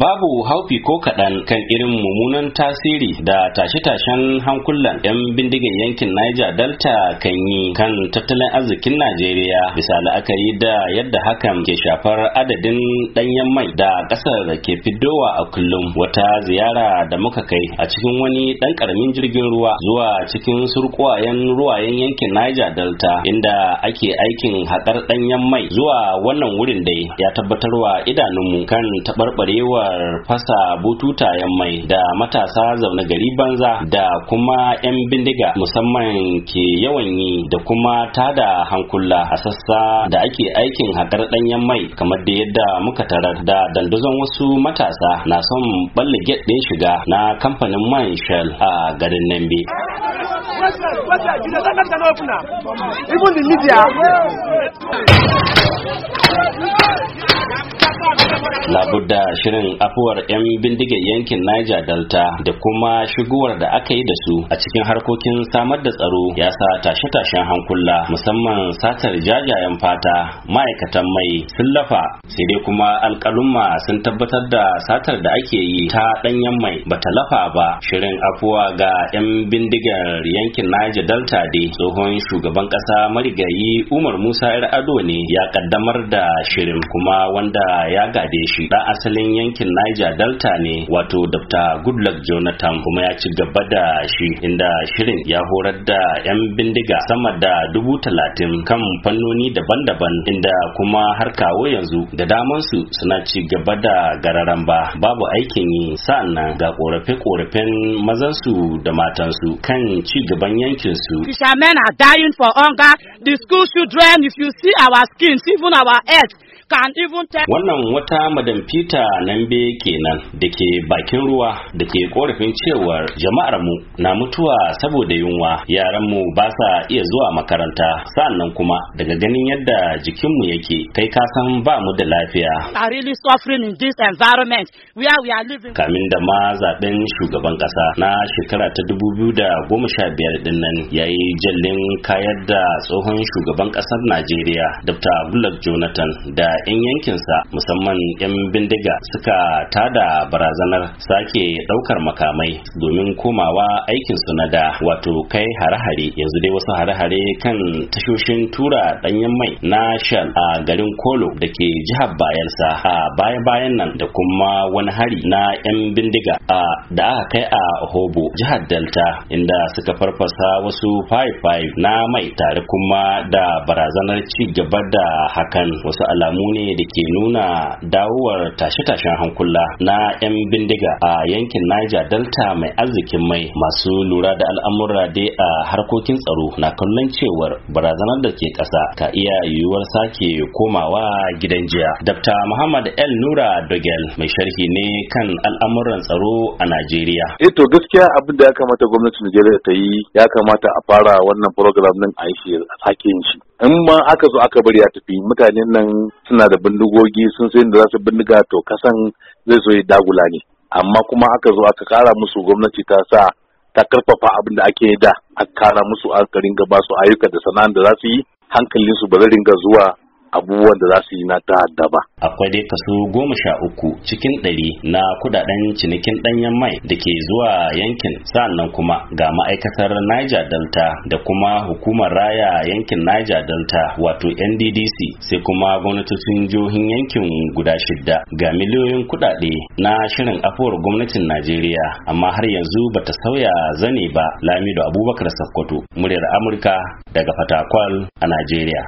babu haufi ko kaɗan kan irin mummunan tasiri da tashe-tashen hankulan 'yan bindigan yankin niger delta kan yi kan tattalin arzikin najeriya bisa la'akari da yadda hakan ke shafar adadin ɗanyen mai da ƙasar ke fidowa a kullum wata ziyara da muka kai a cikin wani ɗan ƙaramin jirgin ruwa zuwa cikin surƙwayen ruwayen yankin niger delta inda ake aikin haƙar ɗanyen mai zuwa wannan wurin dai ya tabbatarwa idanunmu kan taɓarɓarewa sana'ar fasa yan mai da matasa zaune gari banza da kuma 'yan bindiga musamman ke yawan yi da kuma tada hankula a sassa da ake aikin haƙar ɗanyen mai kamar da yadda muka tarar da dandazon wasu matasa na son balle get shiga na kamfanin man shell a garin Nambe. labudda shirin afuwar 'yan bindigar yankin niger delta da kuma shigowar da aka yi da su a cikin harkokin samar da tsaro ya sa tashe-tashen hankula musamman satar jajayen fata ma'aikatan mai sun lafa sai dai kuma alkalumma sun tabbatar da satar da ake yi ta ɗanyen mai ba ta lafa ba shirin afuwa ga 'yan bindigar yankin niger delta dai tsohon shugaban ƙasa marigayi umar musa 'yar ado ne ya ƙaddamar da shirin kuma wanda ya gade shi kofi da asalin yankin Niger Delta ne wato Dr. Goodluck Jonathan kuma ya ci gaba da shi inda shirin ya horar da 'yan bindiga sama da dubu talatin kan fannoni daban-daban inda kuma har kawo yanzu da damansu suna ci gaba da gararan ba babu aikin yi sa'annan ga korafe-korafen mazansu da matansu kan ci gaban yankin su. Fishermen are dying for hunger. The school children, if you see our skins, even our heads, Wannan wata madam Peter Nambe kenan da ke bakin ruwa da ke korafin cewar jama'ar mu na mutuwa saboda yunwa yaran mu ba sa iya zuwa makaranta sannan kuma daga ganin yadda jikin mu yake kai ka san ba mu da lafiya. really suffering in this environment where we are living. Kamin da ma zaben shugaban kasa na shekara ta 2015 din nan yayi jallin kayar da tsohon shugaban kasar Najeriya Dr. Goodluck Jonathan da 'yan yankinsa musamman 'yan bindiga suka tada barazanar sake ɗaukar makamai domin komawa aikinsu na da wato kai hare-hare yanzu dai wasu hare-hare kan tashoshin tura ɗanyen mai na shan a garin kolo da ke jihar bayelsa a baya-bayan nan da kuma wani hari na 'yan bindiga a da aka kai a hobo jihar delta inda suka farfasa wasu 5-5 na mai tare kuma da barazanar ci gaba da hakan wasu alamu ne da ke nuna dawowar tashe-tashen hankula na 'yan bindiga a yankin Niger Delta mai arzikin mai masu lura da al'amura dai a harkokin tsaro na kallon cewar barazanar da ke ƙasa ka iya yiwuwar sake komawa gidan jiya. Dr. Muhammad El Nura Dogel mai sharhi ne kan al'amuran tsaro a Najeriya. Eto eh gaskiya abin da ya kamata gwamnati Najeriya ta yi ya kamata a fara wannan program ɗin a yi sake yin shi in ma aka zo aka bari ya tafi mutanen nan suna da bindigogi sun sai da za su bindiga to kasan zai zo ya dagula ne amma kuma aka zo aka kara musu gwamnati ta sa ta karfafa abin da ake da aka kara musu aka ringa ba su ayyuka da sana'an da za su yi hankalinsu ba zai ringa zuwa abubuwan da za su yi na ta Akwai dai kaso goma sha uku cikin ɗari na kudaden cinikin ɗanyen mai da ke zuwa yankin sa'annan kuma ga ma'aikatar Niger Delta da kuma hukumar raya yankin Niger Delta wato NDDC sai kuma gwamnatocin jihohin yankin guda shidda ga miliyoyin kudade na shirin afuwar gwamnatin Najeriya amma har yanzu bata sauya zane ba Lamido Abubakar Sakkwato muryar Amurka daga Fatakwal a Najeriya.